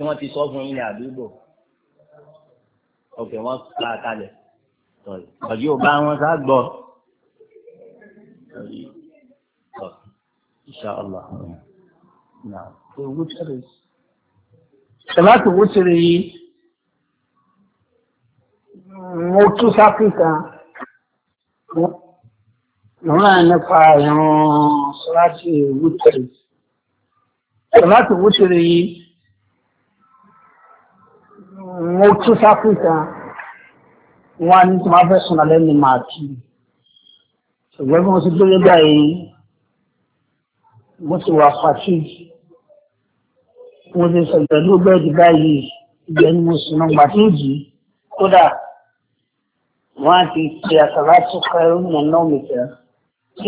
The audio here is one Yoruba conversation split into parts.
tí wọ́n ti sọ fún yín ní àdúgbò ọ̀kẹ́ wọ́n ká kalẹ̀ ọ̀dí ò bá wọn sá gbọ́ inṣàlá sọláàtì wútìrì yìí mo tún sáfíkà lọ́nà nípa ìrún sọláàtì wútìrì sọláàtì wútìrì yìí mo tún sáfù kan wọn á ní tí wọn fẹ́ sùn alẹ́ ní màá kí ṣùgbọ́n bí mo ti délé báyìí mo ti wà fàtí mo ti sọ̀rọ̀ pẹ̀lú bẹ́ẹ̀dì báyìí ìgbẹ́ ni mo sùn náà gbàtí ìjì kódà wọn á ti ṣe àtàlà tó kẹrù nínú mi tẹ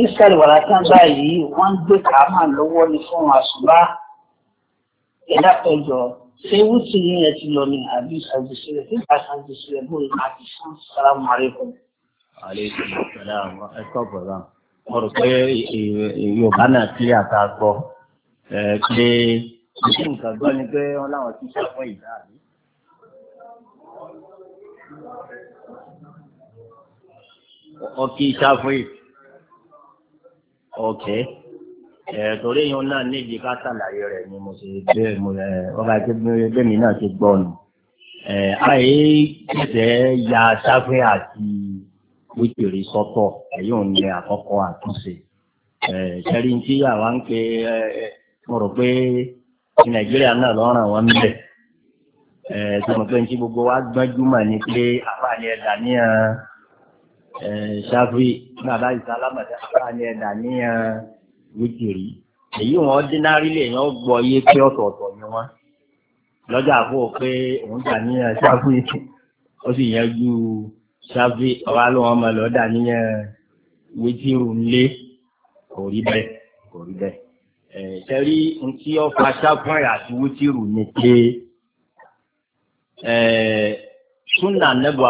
israẹli wà látàn báyìí wọn ń gbé kàámà lọ́wọ́ ní fún àṣùbá ẹ̀dá pẹ̀jọ sai wucin ya ci lomin abis abisira sai ka san ji sai bun ma ki san salamu alaikum alaikum salam wa akbar mo rò pé Yorùbá náà kí àtà gbọ́ pé ìṣe nǹkan gbọ́ ni pé wọ́n láwọn ti sọ ìdá àbí. ọkì ìṣàfùyì ọ̀kẹ́ torí yìí náà níbi ká ṣàlàyé rẹ̀ ni mo ṣe gbé mo ẹ ọba tí náà ti gbọ́ nù. àyè kẹsẹ̀ ya sáfẹ́ àti wíkìrì sọ́tọ̀ èyí ò ní àkọ́kọ́ àtúnṣe. ṣẹ́rí tí àwa ń pe mo rò pé nàìjíríà náà lọ́ ràn wọ́n níbẹ̀. tí mo pé ní gbogbo wa gbọ́njúmọ̀ ni pé àfààní ẹ̀dá níyàn ṣáfì bàbá ìsàlámà àfààní ẹ̀dá níyàn. wítìrì èyí wọn ordinary lè yàn gbọ́ yé pé ọ̀tọ̀ọ̀tọ̀ ni wọn lọ́jà fún ọ pé òun dà níyàn ṣáfù ó sì yanjú ṣáfù ọ̀rá shafi wọn lọ lọ́dà níyàn wítìrì ńlé kò rí bẹ́ẹ̀ kò rí bẹ́ẹ̀ tẹ́rí ntí ọ̀fà ṣáfù àti wítìrì ni pé sunna anabuwa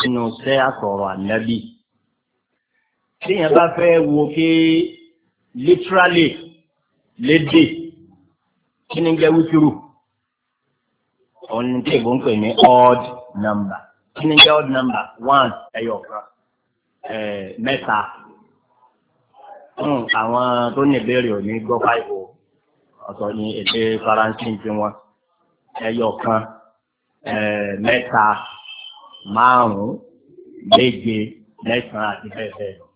nínú sẹ́ àtọ̀rọ̀ ànábì. Téèyàn bá fẹ́ wo pé literally lédè kí ni jẹ́ wítìrù? Òun ni tí ìbọn pè ní odd number. Kí ni jẹ́ odd number? One ẹyọ kan mẹ́ta. Hmm, àwọn tó ní ìbéèrè ò ní gbọ́ fáìfò ọ̀sọ̀ ní èdè Faransé tí wọ́n ẹyọ kan mẹ́ta márùn-ún méje mẹ́sàn-án àti bẹ́ẹ̀ bẹ́ẹ̀ lọ.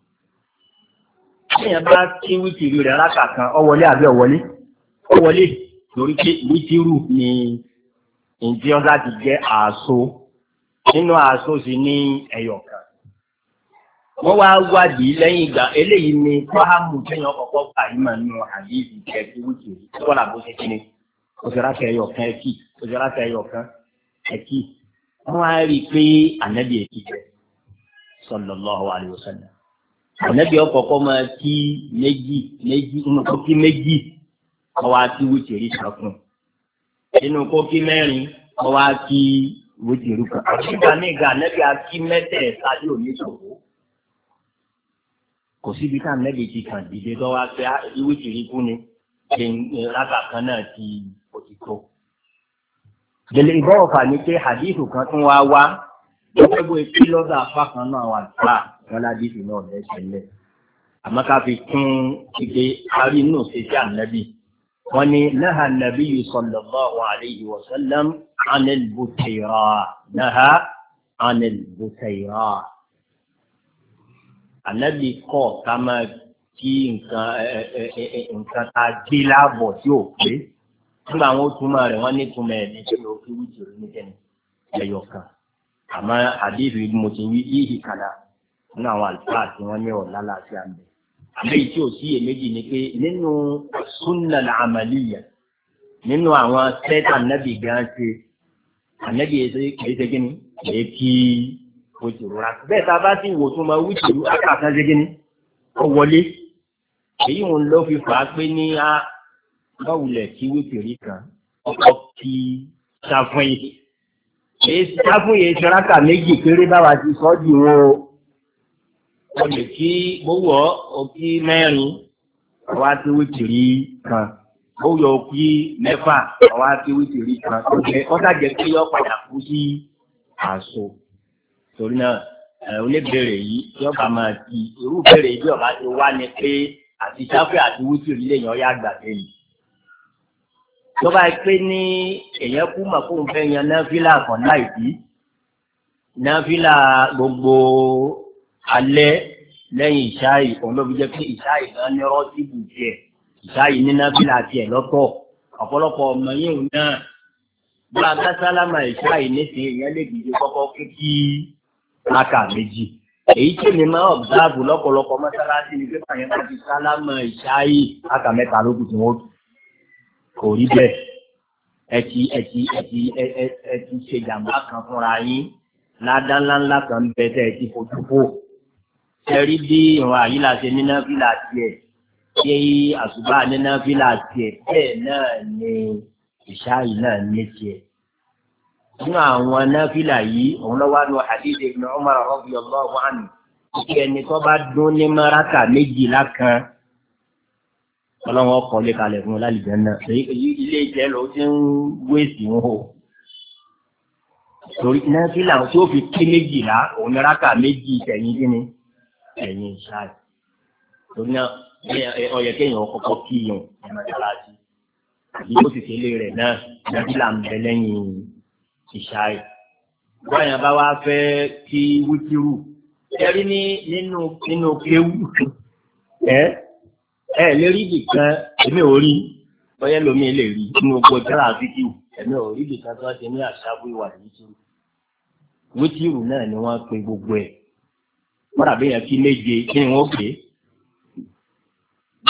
Ẹ̀yàn bá kí wítìrì rẹ̀ alákàkan ọwọlé àbí ọwọlé ọwọlé torí pé wítìrù ni ǹjẹ́ ọ́n láti jẹ́ àṣọ nínú àṣọ sí ní ẹ̀yọ̀kan. Wọ́n wá wádìí lẹ́yìn ìgbà eléyìí ni Fáhámù kéèyàn kọ̀kọ́ fà yí mà nù àdìsí jẹ́ kí wítìrì tó wà lábó ṣe kí ni. Òṣèrà kẹyọ̀ kan ẹ̀kí, òṣèrà kẹyọ̀ kan ẹ̀kí wọ́n á rí i pé ànábì èkì jẹ́ sallallahu alaihi wasallam ànábì ọkọ̀ọ̀kọ́ máa kí méjì méjì nǹkan kí méjì ọwọ́ àti wùtìrí sàkùn inú kó kí mẹ́rin ọwọ́ àti wùtìrí kan àṣìkà nígbà ànábì àti mẹ́tẹ̀ẹ̀ta yóò ní ìṣòro kò síbi ká ànábì ti kàn dìde lọ́wọ́ àti wùtìrí kú ni látàkàn eh, náà ti òtítọ́. Bẹ̀lẹ̀ ìbọ̀ ọ̀fà ni pé hadith kan tún wá wá gbogbo etí lọ́dọ̀ apá kan náà wà nípa wọn ládìsí náà lẹ́sẹ̀ lẹ̀. Àmọ́ ká fi kún ike arí inú ṣe sí ànábì. Wọ́n ní náà nàbí yìí sọ̀lọ̀ bọ́ àwọn àlejò wọ̀sálẹ́m anil bùtẹ̀rà náà anil bùtẹ̀rà. Ànábì kọ̀ ká máa kí nǹkan tá a gbé láàbọ̀ tí ò pé nígbà àwọn òtúmọ̀ rẹ̀ wọ́n ní ìtumọ̀ ẹ̀ ní ṣe ló fi wíjì rẹ̀ ní kẹ́ni kan àmọ́ àdéhùn ibi mo ti wí yíyí kàdá nínú àwọn àlùfáà tí wọ́n ní ọ̀la láti àmì àmì tí ò sí èméjì ni pé nínú súnà àmàlìyà nínú àwọn sẹ́tà nẹ́bì gan ṣe ànẹ́bì kìí ṣe kí ni kìí kí wíjì rúra bẹ́ẹ̀ tá a bá sì wò tó máa wíjì rú àkàtà ṣe kí ni ó wọlé èyí ń lọ fi fà á pé ní báwùlẹ̀ kí wítìrí kan ọkọ̀ kí ṣàfún yìí ṣàfún yìí ṣọ́ráka méjì péré báwa ti sọ́ jù wọ́n o o lè kí gbówó òkí mẹ́rin àwa ti wítìrí kan gbówó òkí mẹ́fà àwa ti wítìrí kan tó jẹ kọ́sàjẹ pé yọ padà kú sí àṣọ torí náà oníbèrè yìí yọba máa ti irú bèrè yìí ọba ti wá ni pé àti ṣáfẹ́ àti wítìrí lè yàn ọ́ yá gbàgbé yìí tọ́ba pé ní èyàn kú mà fóun fẹ́ yan náfìlà kan láì bí náfìlà gbogbo alẹ́ lẹ́yìn ìṣáì òun ló fi jẹ́ pé ìṣáì náà ní rọ́ọ̀tìbù tiẹ̀ ìṣáì ní náfìlà tiẹ̀ lọ́tọ̀ ọ̀pọ̀lọpọ̀ ọmọ yìí náà bá a sálámà ìṣáì nísìnyí èèyàn lè dìde kọ́kọ́ kékí láka méjì èyí tí èmi máa ọ̀bùdáàbù lọ́pọ̀lọpọ̀ mọ́sálásí ni pé báyẹn bá ti sálámà ìṣáì láka mẹ́ta lókùn tí wọ́n tù kò rí bẹ́ẹ̀ ẹ ti ẹ ti ẹ ti ẹ ti ṣe jàmbá kan fúnra yín ládánláńlá kan ń bẹ tẹ ẹ ti fojú fò ẹ rí bí ìwọn àyílà ṣe níná fílà tiẹ̀ ṣé àṣùbà níná fílà tiẹ̀ bẹ́ẹ̀ náà ni ìṣáàyí náà ní tiẹ̀ nínú àwọn náfìlà yìí òun lọ́wọ́ àlọ́ hadith ibn Umar radiyallahu anhu ìkẹ́ni tó bá dún ní mọ́ráka méjìlá kan ọlọ́run ọkọ̀ lè kalẹ̀ fún lálìjẹ́ ilé ìjẹ́ lọ tí ń wéèsì ń hò torí náà kí làwọn tí ó fi kí méjìlá òun ní rákà méjì tẹ̀yìn kí ni ẹ̀yìn ṣáà torí náà ọyẹ kéèyàn kọ́kọ́ kí yàn ní mọ́ṣáláṣí àbí ó sì ṣeré rẹ̀ náà nàbí là ń bẹ lẹ́yìn ìṣáì báyàn bá wá fẹ́ kí wútírù ẹ̀rí ní nínú nínú kéwù ẹ́ ẹ lérí nìkan èmi ò rí bọ́yá lomi lè rí ní gbogbo jẹ́rà fídíò èmi ò rí nìkan tó ti ní àṣàbù ìwà nìyí wítìrù náà ni wọ́n pe gbogbo ẹ̀ wọ́n dàbí yẹn kí méje kí ni wọ́n pè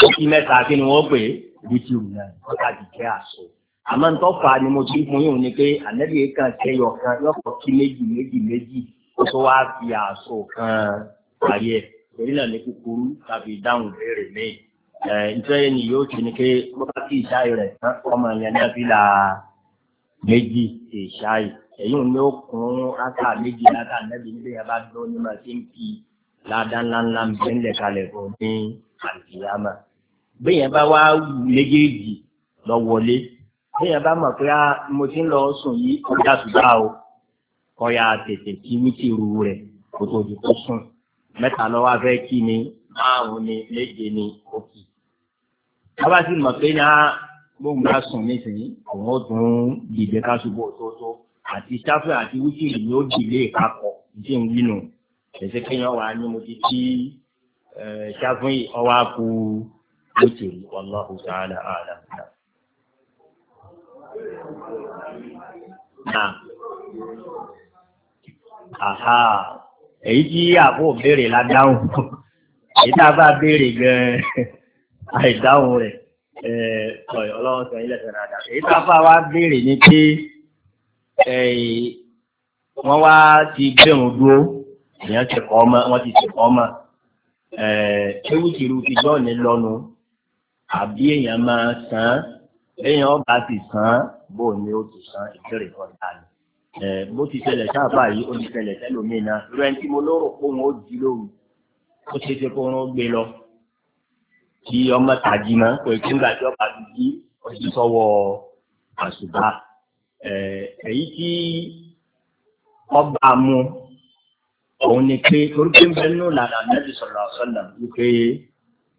é kí mẹ́ta kí ni wọ́n pè é wítìrù náà wọ́n ká dìjẹ́ àṣọ àmọ́ nítorí fa ni mo ti fún yín ni pé ànẹ́bí kan kẹyọ kan yọkọ̀ kí méjì méjì méjì ó tó wá fi àṣọ kan parí ẹ̀ torí náà ní kúkúrú tàbí dáhùn béèrè mẹ́yìn ìtọ́yẹ eh, ni yóò ṣe ni pé bọ́lá ìṣáì rẹ̀ tán ọmọ yẹn ní abílà méjì ìṣáì èyí ni ó kún rákà méjì látà nẹ́bí níbi yẹn bá dún ní màá ti ń fi ládá ńláńlá ń bẹ́ fún ní àlùyámà bí yẹn bá wá méjèèjì lọ wọlé bí yẹn bá mọ̀ pé ah, mo ti ń lọ sùn yìí ó dà sùdá o kọ́ ya tètè kí wítìrú rẹ̀ kó tó sùn mẹ́ta lọ́wọ́ afẹ́ kí ni márùn-ún ni méje ni ó bàbá sì mọ̀ pé náà gbóhùn bá sùn nísìnyí òun ó tún dìde ká ṣubú òtótó àti sáfẹ́ àti wíṣìlì ni ó dìde ìpapọ̀ ń wí nù ṣẹ̀ṣẹ̀ kéèyàn wà ní mo ti kí ṣáfún ọwọ́ àpò wíṣìlì wallahu ta'ala a'lam. Àhà èyí tí àbò béèrè la èyí tá a bá béèrè gan-an àìdáhùn rẹ̀ ọlọ́run sọ ilẹ̀ sọ̀rọ̀ àdá èyí tá fà wá béèrè ni pé wọ́n wá ti gbẹ̀rún dúró èèyàn ti kọ́ ọmọ wọ́n ti sèkọ́ ọmọ ewu ti gbọ́ ní lọ́nu àbí èèyàn máa san èèyàn ọba ti san bó ni ó ti san ìbéèrè kan dání bó ti ṣẹlẹ̀ sáàpà yìí ó ti ṣẹlẹ̀ sẹ́lòmíì náà irú tí mo lórò pé ó jí lóru ó ṣeé ṣe ó gbé lọ kí ọmọ tàjí mọ́ pé kí gbàjọ́ pàdé jí ọdún sọ́wọ́ èyí tí ọba mu òun ni pé orúkọ ìbẹ́ nínú làrá nẹ́bí sọ̀rọ̀ ọ̀sọ́nà wípé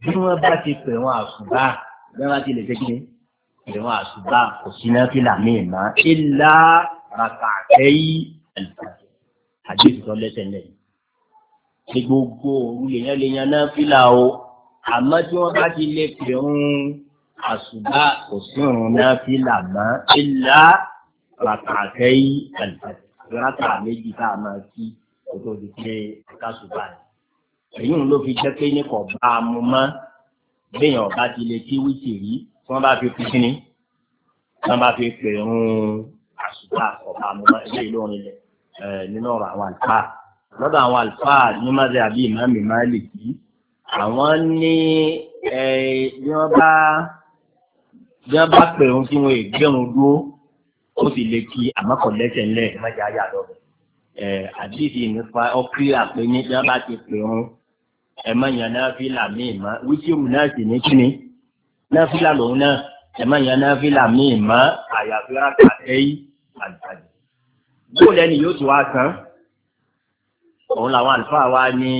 bí wọ́n bá ti pè wọ́n àṣùbà bí wọ́n bá ti lè ṣe kí pè wọ́n àṣùbà kò sí náà kí làmì ìmọ̀ ìlà ràkàtẹ́yì àlùfáàjì àdéhùn lẹ́sẹ̀ lẹ́yìn gbogbo òru lèyàn lèyàn náà fílà o àmọ́ tí wọ́n bá ti lè pè ń àṣùbà kò sí òun náà fi làmọ́ ilá ràkàtẹ́yì àlùfáà méjì tá a máa kí kó tó di pé àkàṣùbà ni. èyí ń ló fi jẹ́ pé ní kò bá mọ́ béèyàn ọba ti lè kí wíìtì rí tí wọ́n bá fi kú sí tí wọ́n bá fi pè ń àṣùbà kò bá mọ́ eléyìí ló ń nínú ọ̀rọ̀ àwọn àlùfáà lọ́dọ̀ àwọn àlùfáà ní mọ́tẹ́ àbí ìmáàmì máàlì yìí àwọn ní bí wọ́n bá bí wọ́n bá pè ohun tí wọ́n lè gbẹ̀rún dúró ó sì lè kí àmọ́kànlẹ́sẹ̀ ńlẹ̀ mọ́jà yà lọ́dọ̀ àdìsí nípa ọkùrí àpè ní bí wọ́n bá ti pè ohun ẹ̀mọ́yàn náà fílà míì mọ́ wíṣírù náà sì ní kíni náà fílà lòun náà ẹ̀mọ́yàn náà fílà míì mọ́ àyàfi rákà ẹ̀yí àgbàdo. bóòlù ẹni yóò ti wá san òun làwọn àlùfáà wa ní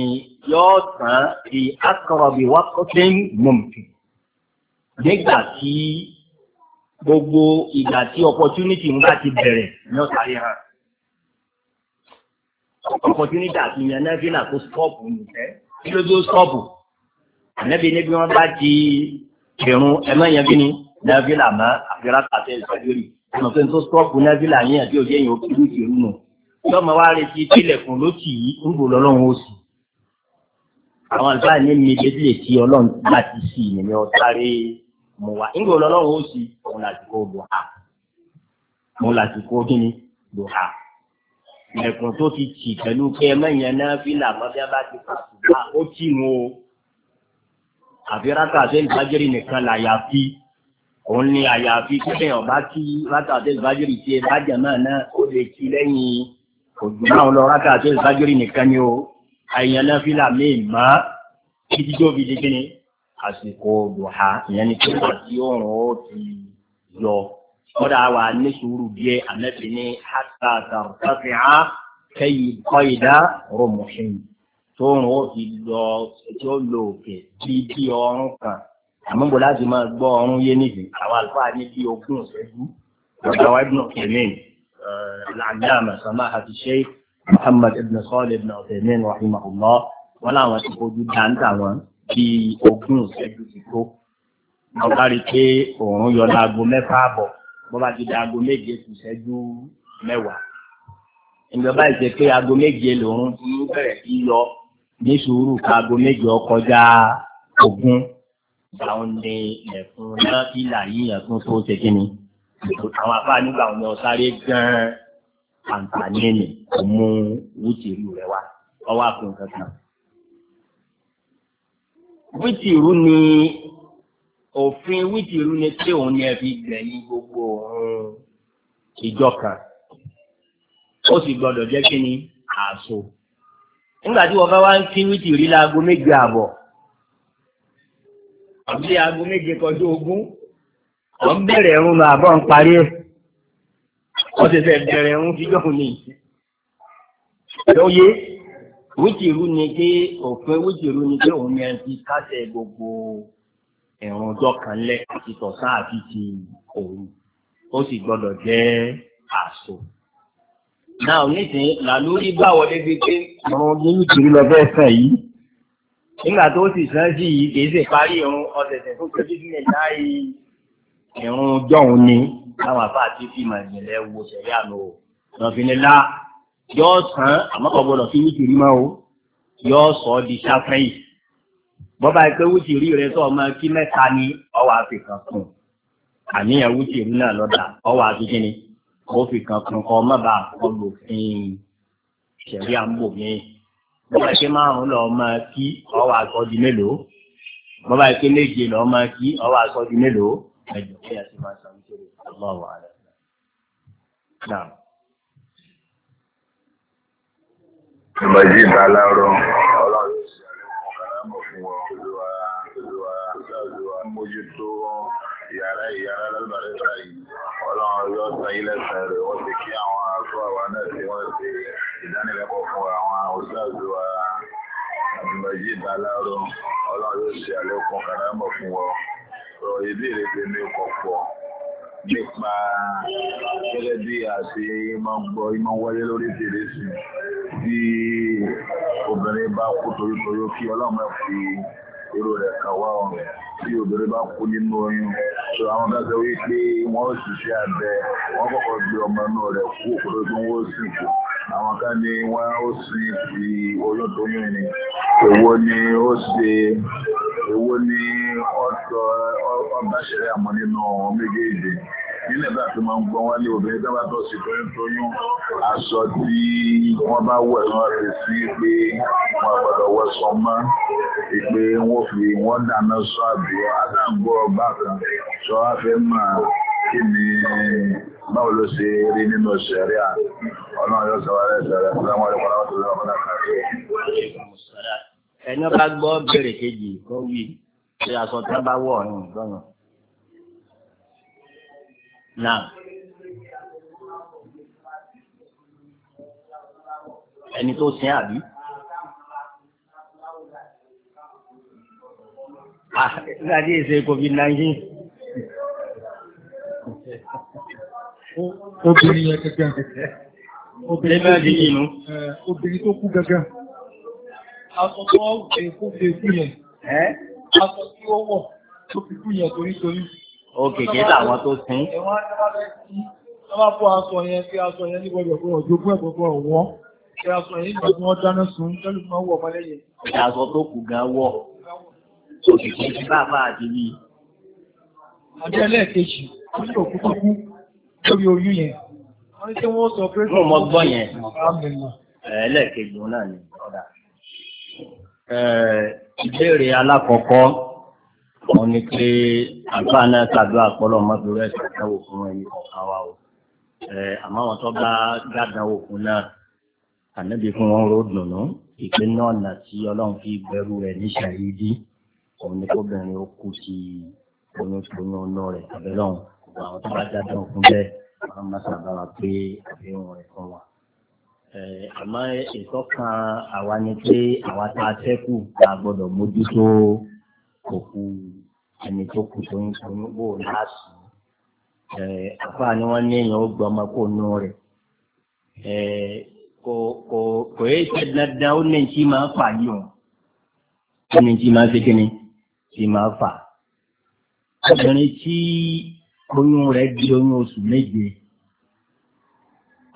yóò tán fi akọrọbì wákọ́tẹ́ mọ̀mùtì nígbà tí gbogbo ìgbà tí opportunity ń bá ti bẹ̀rẹ̀ ní ọ̀tá yẹn hàn opportunity àti ìyẹn náà fi là kó stọ́ọ̀pù nìfẹ́ kí ló dé stọ́ọ̀pù ànẹ́bí níbi wọn bá ti kẹrun ẹ̀mọ́ yẹn bí ni nẹ́fílà mọ́ àfẹ́rẹ́ àti ìgbàlérì ọ̀nà pé tó stọ́ọ̀pù nẹ́fílà yẹn àti òjẹ́ yẹn ó kí ló ti rú nù yọmọ wa retí tilẹ̀kùn ló tì í ń bò lọ́lọ́run ó sì àwọn àlùfáà ní mi létílè tí ọlọ́run bá ti sí i nìyẹn sáré mo wá nígbà ọlọ́run ó sì òun lásìkò dùhà òun lásìkò kíni dùhà ẹ̀kùn tó ti tì pẹ̀lú pé ẹmẹ́yẹn náà fílà mọ́bíá bá ti pa ṣùgbọ́n ó tì wọn o àfi rákà àti ìbájẹ́rì nìkan làyàfi òun ni àyàfi kíkẹ́ ọ̀bá kí rákà àti ìbájẹ́rì tí ẹ bá jẹ̀ náà náà ó lè kí lẹ́yìn òjò náà lọ rákà àti ìbájẹ́rì nìkan ni o àyàn náà fi làmì mọ́ títí tó fi di kíni àsìkò dùhà ìyẹn ni pé wọ́n ti òrùn ó ti yọ kọ́dà wà ní sùúrù díẹ̀ àmẹ́fì ní hàtà tàrùtàfì á kẹ́yì kọ́ìdá rọ̀mùsìn tóorùn ó fi lọ tí ó lo òkè bí bí ọrùn kan àmọ́ bò láti máa gbọ́ ọrùn yé nìyí àwọn àlùfáà ní bí ogún ìṣẹ́jú ọ̀gá wa ibùdó kẹ̀mí làǹdà àmàsánmá àti sheikh Muhammad ibn Sọ́ọ̀lì ibn Ọ̀tẹ̀mín rahimahullah wọn làwọn ti fojú dáńtà wọn bí ogún ìṣẹ́jú ti tó. wọ́n bá rí i pé òun yọ láago mẹ́fà àbọ̀ wọ́n bá ti da aago méje kù ìṣẹ́jú mẹ́wàá. ìjọba ìṣe pé aago méje lòun ń bẹ̀rẹ̀ sí yọ ní sùúrù ká aago méje ọkọjá ogún àwọn ní ẹ̀fún náà ìlà yìí ẹ̀fún tó ṣe kí ni àwọn afáà nígbà wọn ni ọ gan-an àǹfààní ẹ̀nì kò mú wítìrú rẹ wá ọwọ́ àfihàn kankan. wítìrú ni òfin wítìrú ni tí òun ni ẹ fi gbẹ̀yìn gbogbo òun ìjọ kan ó sì gbọdọ̀ jẹ́ kí ni àṣọ. nígbà tí wọ́n bá wá ń kí wítìrú láago méje àbọ̀ àbí aago méje kọjú ogún wọ́n bẹ̀rẹ̀ ẹ̀rùn lọ àbọ̀ ń parí ẹ̀ ṣẹ̀ṣẹ̀ bẹ̀rẹ̀ ń fi jọ̀hún ní lóye wíjìrú ni pé òpin wíjìrú ni pé òun yẹn ti kásẹ̀ gbogbo ẹ̀rùn ọjọ́ kan lẹ̀ àti tọ̀sán àti ti òru ó sì gbọ́dọ̀ jẹ́ àṣọ. náà nísìnyí làlórí bá wọlé fi pé àwọn ọdún wíjìrú lọ bẹ́ẹ̀ sàn yìí nígbà tó sì sàn sí yìí kì í sì parí ìrún ọ̀sẹ̀sẹ̀ tó kéde sílẹ̀ láì ìrún ọjọ́ òun ni táwọn afá àti fíìmù ìjìnlẹ̀ wo sẹ̀rí àná o lọ́n sàn àmọ́ kò gbọdọ̀ fi wítìrí o yọ sọ di sáfẹ́yì bọ́ba ẹ pé wítìrí rẹ sọ ọmọ kí mẹ́ta ni ọwọ́ àfikàn kùn àníyàn wítìrí náà lọ́dà ọwọ́ àfikàn ni ó fi kan kọ ọmọ bá ọlù òfin ìṣẹ̀rí àmúbòmí bọ́ba ẹ márùn-ún lọ ọmọ kí ọwọ́ àkọ́jú mélòó bọ́ba ẹ méje lọ ọmọ kí ọwọ́ àkọ́jú mélòó ẹjọ bí a ti máa sàmì sí rẹ̀ ọlọ́wọ́ ààrẹ náà. ìbàjẹ́ ìbálárò ọlọ́run ṣe àlékún karamọ́ fún wọn olúwa olúwa olúwa mójútó yàrá ìyàrá lálùbárẹ́sà yìí ọlọ́run yóò san ilẹ̀ sàn rẹ̀ wọ́n ti kí àwọn àtọ́ àwa náà tí wọ́n ti ìdánilẹ́kọ̀ọ́ fún àwọn òṣèlú wa àbíbàjẹ́ ìbálárò ọlọ́run yóò ṣe àlékún karamọ́ fún wọn sọ ìbéèrè tèmi kọ̀pọ̀ nípa gẹ́gẹ́ bí àti ìmọ̀ gbọ́ ìmọ̀ wáyé lórí tèrèsì tí obìnrin bá kú torítorí kí ọlọ́mọ fi èrò rẹ̀ kà wá ọ̀rọ̀ tí obìnrin bá kú nínú oyún tó àwọn dájọ́ wípé wọ́n ó ṣiṣẹ́ abẹ wọ́n kọ́kọ́ gbé ọmọ inú rẹ̀ kú òkúrò tó ń wó sìnkú àwọn kan ní wọ́n ó sin ti oyún tóyún ni èwo ni ó ṣe èwo ni ọba ṣẹlẹ̀ àmọ́ nínú méjèèjì nílẹ̀ bá fi máa ń gbọ́n wálé obìnrin tó bá tọ́ sí tóyún tóyún aṣọ tí wọ́n bá wọ̀ ẹ̀ wọ́n fi sí pé wọ́n gbọ́dọ̀ wọ sọ mọ́ pé wọ́n fi wọ́n dáná sọ àbí adáǹgbọ́ ọba kan sọ wá fẹ́ máa kí ni báwo ló ṣe rí nínú ṣẹ̀rí à ọlọ́run yóò sọ wáyé ṣẹ̀rẹ̀ fún àwọn ọ̀rẹ́ wọn tó lọ́wọ́ ẹni ọba gbọ́ bẹ̀rẹ̀ kejì kọ́ ṣe aṣọ tí wọ́n bá wọ̀ ní ìgbọ́nà. náà ẹni tó sin àbí. láti ah, ṣe covid nineteen. obìnrin yẹn gẹ́gẹ́ obìnrin tó kú gẹ́gẹ́ aṣọ tó wọ́n fi kú fi kú yẹn aṣọ tí ó wọ̀ tó fi kú yẹn torítorí. òkè kìí làwọn tó sin. ẹ̀wọ̀n á ní wọ́n fẹ́ sí wọ́n bá fọ́ aṣọ yẹn kí aṣọ yẹn ní gbọ́dọ̀ fún ọjọ́ fún ẹ̀kọ́ fún ọ̀wọ́ kí aṣọ yẹn nígbà tí wọ́n dáná sun tẹ́lú fún ọwọ́ ọmọlẹ́yìn. ìyá aṣọ tó kù gan wọ̀ òkè kìí sí bàbá àdìrí. àbí ẹlẹ́ẹ̀kejì ó ní òkú tó kú ẹlẹ́ẹ̀kejì náà ni ọ̀dà ìbéèrè alákọ̀ọ́kọ́ wọn ni pé àgbà náà ṣàdúrà pọ́lọ́ mọ́tòrọ́ ẹ̀sìn àdáwò fún ẹni kọ̀ọ̀kan wa o àmọ́ àwọn tó bá gbàdánwò fún náà ànábì fún wọn ró dùnú ìpè náà nà tí ọlọ́run fi gbẹrú rẹ̀ ní ṣàyídí òun ni kóbìnrin ó kú sí oyún tó ní rẹ̀ tàbí lọ́hùn àwọn tó bá gbàdánwò fún bẹ́ẹ̀ wọn máa ṣàbára pé àbí wọn rẹ̀ fún wa àmọ́ ìtọ́kan àwa ni pé àwa tá a tẹ́kù la gbọ́dọ̀ mójútó òkú ẹni tó kù tó ń sun wò láàsù àfáà ni wọ́n ní èèyàn ó gbọ́ ọmọ kó nú rẹ̀ kò kò kò yé ṣe dandan ó ní tí máa fà yìí o ó ní tí máa ṣe kí ni tí máa fà obìnrin tí oyún rẹ̀ di oyún oṣù méje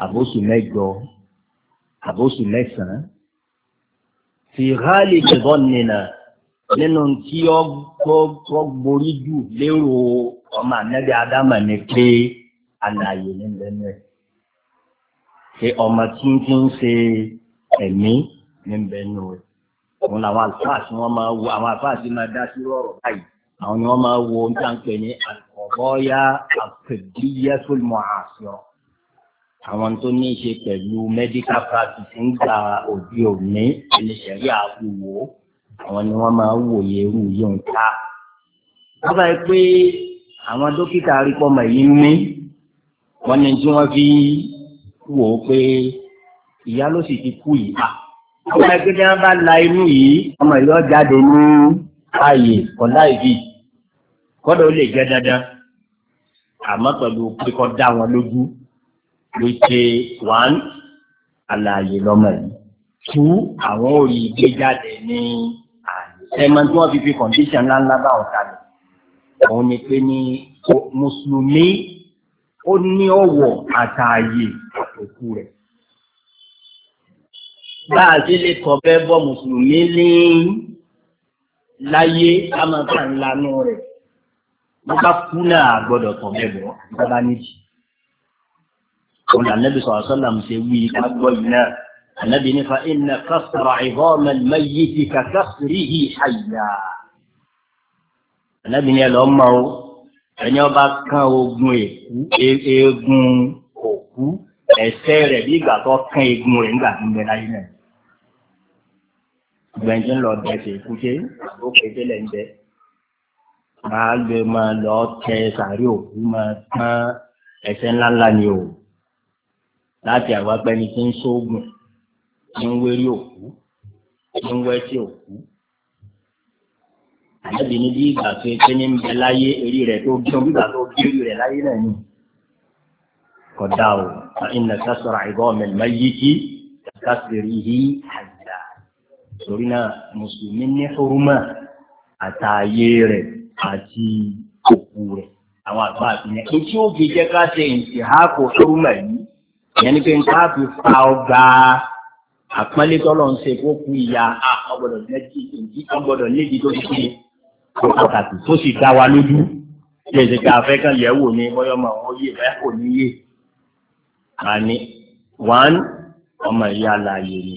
àbóṣù mẹ́jọ àbóṣù mẹ́sàn-án fi hali gbẹ̀gbọ́n nìna nínú tí ó gborí jù lérò ọmọ ànábì ádámà ni pé àlàyé ní bẹ́ẹ̀ rẹ̀ pé ọmọ tí ń ti ń ṣe ẹ̀mí ní bẹ́ẹ̀ rẹ̀ òun làwọn àlùfáà tí máa wo àwọn àlùfáà máa dá sí ọ̀rọ̀ báyìí àwọn ni wọ́n máa wo ohun tí a ń pè ní àkọ́bọ́yá àpèdíyẹ́sọ̀lùmọ̀ àṣọ àwọn tó ní í ṣe pẹ̀lú medical practice ń gba òbí òní ìṣẹ̀rí àwòwò àwọn ni wọ́n máa ń wòye irú yóò ń ta. wọ́n bá pé àwọn dókítà arípọ́mọ yìí ní wọ́n ní tí wọ́n fi wò ó pé ìyá ló sì ti kú yìí. wọ́n bá pé bí wọ́n bá la inú yìí ọmọ ìlú ọ̀jáde ní ààyè kọ̀ọ̀dá ìbí kọ́dọ̀ ó lè jẹ́ dandan àmọ́ pẹ̀lú pé kọ́ dá wọn lójú wípé one àlàyé lọ́mọ yìí two àwọn òòyì gbé jáde ní àyè ẹ̀mọ tí wọ́n fi fi condition ńláńlá bá wọn kalẹ̀ òun ni pé ní mùsùlùmí ó ní ọ̀wọ̀ àtààyè òkú rẹ̀ bá a sì lè kọ́ bẹ́ẹ̀ bọ́ mùsùlùmí ní láyé ká máa bá ńlá nù rẹ̀ wọ́n bá kú náà gbọ́dọ̀ kọ́ bẹ́ẹ̀ bọ́ bá bá nídìí òun النبي صلى الله عليه وسلم ṣe wí kágbọ́ yìí náà ànábì nípa iná kásìrà ìbọ́ọ̀mọ lẹ́yìn ti kàkásìrì yìí àyà ànábì ní ẹlọ́ mọ́ o ẹni ọba kan ogun eegun òkú ẹsẹ̀ rẹ̀ bí ìgbà tó kan eegun rẹ̀ nígbà tó ń bẹ láyé náà gbẹ̀njẹ́ lọ bẹ̀sẹ̀ kúté àbó kété lẹ́ máa gbé máa lọ tẹ sàárè òkú máa tán ẹsẹ̀ ńláńlá ni o. láti àgbàgbẹ́ni tí ń sóògùn tí ń wérí òkú tí ń wẹ́tí òkú. àyẹ̀bí ní bí ìgbà tó ṣe ní bẹ láyé eré rẹ̀ tó gbé bí ìgbà tó gbé eré rẹ̀ láyé náà ni. kódà o iná sásọ̀rọ̀ àìbọ̀ mẹ́lẹ́mẹ́ yí kí sásìrì yí àjà. torí náà mùsùlùmí ní huruma àtàyè àti òkú àwọn àgbà àti ní. tí ó fi jẹ́ ká ìyẹn ni pé nǹkan àfi fa ọgbà àpọ́nlé tọ́lọ̀ ń ṣe kó kú ìyá ọgbọ́dọ̀ méjì èyí ọgbọ́dọ̀ léjì tó ti ṣe kó pàtàkì tó sì dá wa lójú lè ṣe ká fẹ́ kàn yẹ̀wò ní bọ́yọ̀mọ̀ àwọn yé bẹ́ẹ̀ kò ní yé àní one ọmọ ìyá alààyè ni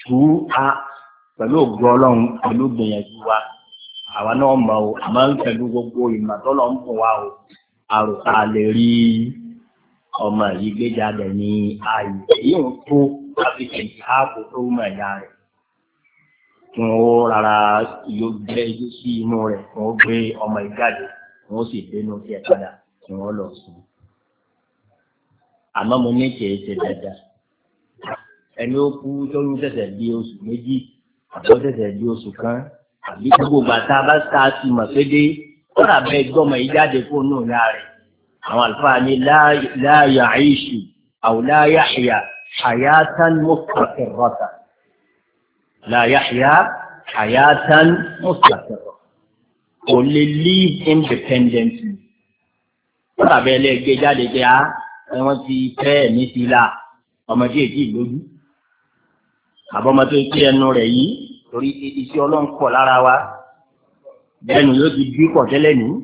two a pẹ̀lú ògùn ọlọ́run pẹ̀lú gbìyànjú wa àwa náà mọ̀ o àmọ́ pẹ̀lú gbogbo ìmọ̀ tọ́lọ̀ ń fún wa o àròkà lè rí i ọmọ yìí gbé jáde ní ààyè yóò tó láti ṣe ìháàbò tó mọ̀ ìyá rẹ̀ wọ́n rárá yóò gbé sí inú rẹ̀ wọ́n gbé ọmọ ìjáde kí wọ́n sì dénú sí ẹ̀ padà kí wọ́n lọ sùn. àmọ́ mo ní kì í ṣe dáadáa ẹni ó kú lóyún ṣẹ̀ṣẹ̀ di oṣù méjì àbọ̀ ṣẹ̀ṣẹ̀ di oṣù kan àbí gbogbo gbàtà bá ta sí mọ̀ pé dé kọ́ra bẹ́ẹ̀ gbọ́mọ ìjáde fóònù ìyá rẹ̀ àwọn àlùfáà ní láàyà àìṣù àwòláyà àyà àyàtàn mọ́tàkìrọ́tà láàyà àyà àyàtàn mọ́tàkìrọ́ kò lè live independently kódà bẹ́ẹ̀ lè gbé jáde pé a ah, wọ́n ti fẹ́ ẹ̀mí sí la ọmọdé èdè lójú àbọ̀mọ tó kí ẹnu rẹ̀ yìí torí iṣẹ́ ọlọ́run pọ̀ lára wa bẹ́ẹ̀ ni yóò ti bí kọ̀tẹ́lẹ̀ nìyí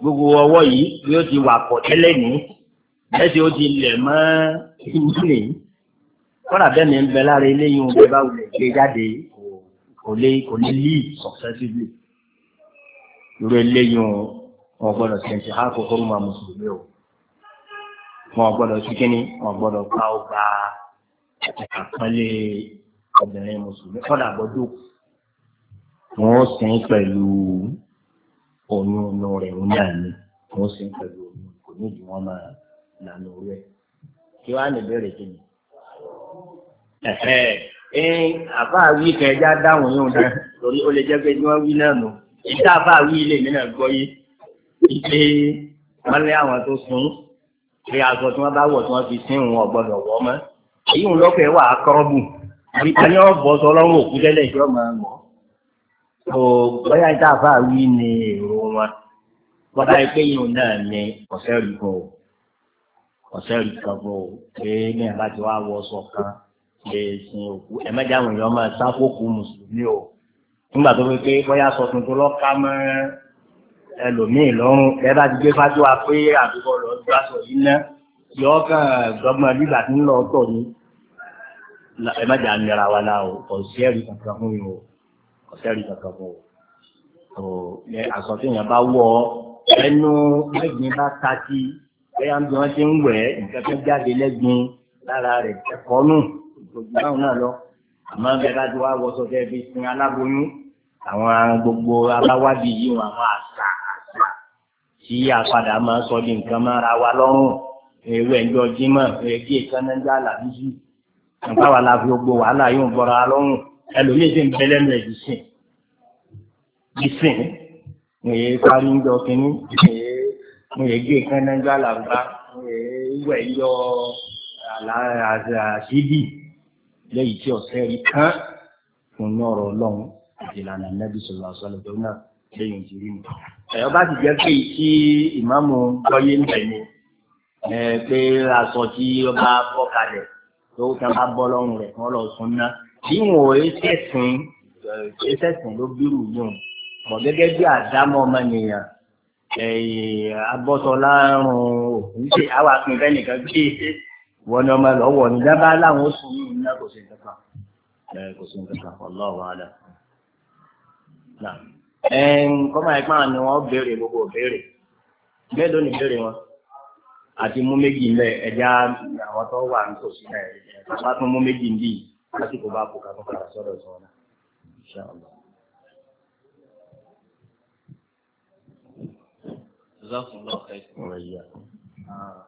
gbogbo ọwọ́ yìí bí ó ti wà pọ̀ tẹ́lẹ̀ ní ẹsẹ̀ ó ti lẹ̀ mọ́ inú nìyí kọ́nà bẹ́ẹ̀ ni ń bẹ lára eléyìí ń bẹ báwo lè gbé jáde kò lè kò ní lead successively irú eléyìí wọn gbọ́dọ̀ tẹ̀sí ha kókó ma mùsùlùmí o wọn gbọ́dọ̀ sí kíní wọn gbọ́dọ̀ pa ó gba àpọ́nlé obìnrin mùsùlùmí kọ́nà gbọ́dọ̀ wọn sìn pẹ̀lú oyún rẹ̀ ń náà ni wọ́n sì ń pẹ̀lú oyún kò ní ìdí wọ́n máa lànà orí ẹ̀. kí wàá lè bẹ̀rẹ̀ kí ni. ẹ àbá wí kẹjá dáhùn yóò dá torí ó lè jẹ́ pé wọ́n wí náà nù ìdá àbá wí lè mí náà gbọ́ yé ìpè wọ́n lé àwọn tó sun pé aṣọ tí wọ́n bá wọ̀ tí wọ́n fi sín òun ọ̀gbọ́dọ̀ wọ́ mọ́ èyí ń lọ́kọ̀ẹ́ wà á kọ́rọ́bù àbí ni wọ́n bọ́ sọ lọ́rùn òkú tẹ́lẹ̀ ìjọ́ máa ń wọ̀ tó bóyá ìta àfáà wí ni èrò wọn bọ́dá pé yìí náà ni ọ̀sẹ̀ rí o ọ̀sẹ̀ rí kan kan o pé ní ẹ̀ bá ti wá wọ ọsọ kan lè sin òkú ẹ̀ mẹ́jọ àwọn èèyàn máa sáfòkù mùsùlùmí o nígbà tó fi pé bóyá sọ tuntun lọ́ka mọ́ ẹlòmíì lọ́rùn ẹ ti gbé fájú wa pé àdúgbò lọ ju aṣọ yìí ná yọ kàn gbọ́gbọ́n bíbà tí ń lọ ọ̀tọ̀ ni ẹ mẹ́jọ àmì o ọ̀sẹ̀ rí kankan fún ọ̀sẹ́rì kankan bọ̀ ọ̀ aṣọ tí èèyàn bá wọ̀ ẹnu ẹ̀gbin bá ta sí bẹ́ẹ̀ bí wọ́n ti ń wẹ̀ nǹkan tó jáde lẹ́gbin lára rẹ̀ ẹ̀kọ́ nù gbogbo báwọn náà lọ àmọ́ bẹ́ẹ̀ bá ti wá wọṣọ tẹ́ fi sin aláboyún àwọn gbogbo aláwádìí yìí wọn àwọn àṣà àṣà tí àpadà máa sọ di nǹkan máa ra wa lọ́rùn ewu ẹ̀jọ́ jímọ̀ èké ìkànnẹ́jà làbíyí nǹkan wà láfi gbogbo wàhálà yóò bọ́ra lọ́rùn ẹlòmíì sì ń bẹ lẹ́nu ẹ̀ jìsìn jìsìn wọ́n yẹ parí ń jọ kínní wọ́n yẹ gé kán náà jọ àlàbá wọ́n yẹ wẹ̀ yọ àṣìbì lẹ́yìn tí ọ̀sẹ̀ rí kán fún ní ọ̀rọ̀ ọlọ́run ìlànà nẹ́bí sọ̀rọ̀ àṣọlẹ̀ tó náà lẹ́yìn tí rí mi. ẹ̀yọ́ bá ti jẹ́ pé tí ìmáàmù gbọ́yé ń bẹ̀ ni pé aṣọ tí ọba bọ́ kalẹ̀ tó kàn bá bọ́ lọ́rùn rẹ̀ kàn lọ sùn ná bí wọn ò ṣẹ̀sìn ṣẹ̀sìn ló bírù yóò mọ̀ gẹ́gẹ́ bí àdámọ́ ọmọnìyàn abọ́sọlá rùn ṣe àwọn akínfẹ́ nìkan gbé e. wọn ni ọmọ lọ́wọ́ ní dábàá láwọn oṣù yìí ní kò sí nǹkan kan kò sí nǹkan kan ọlọ́run àdá. kọ́mọ̀ ẹ̀gbọ́n ni wọ́n béèrè gbogbo béèrè mélòó ni béèrè wọn àti mú méjì ńlẹ̀ ẹja àwọn tó wà ní tòsí náà bá tún mú méjì ń bì lásìkò bá kó kakọ́ kára sọ́dọ̀ sọ́ọ́ náà.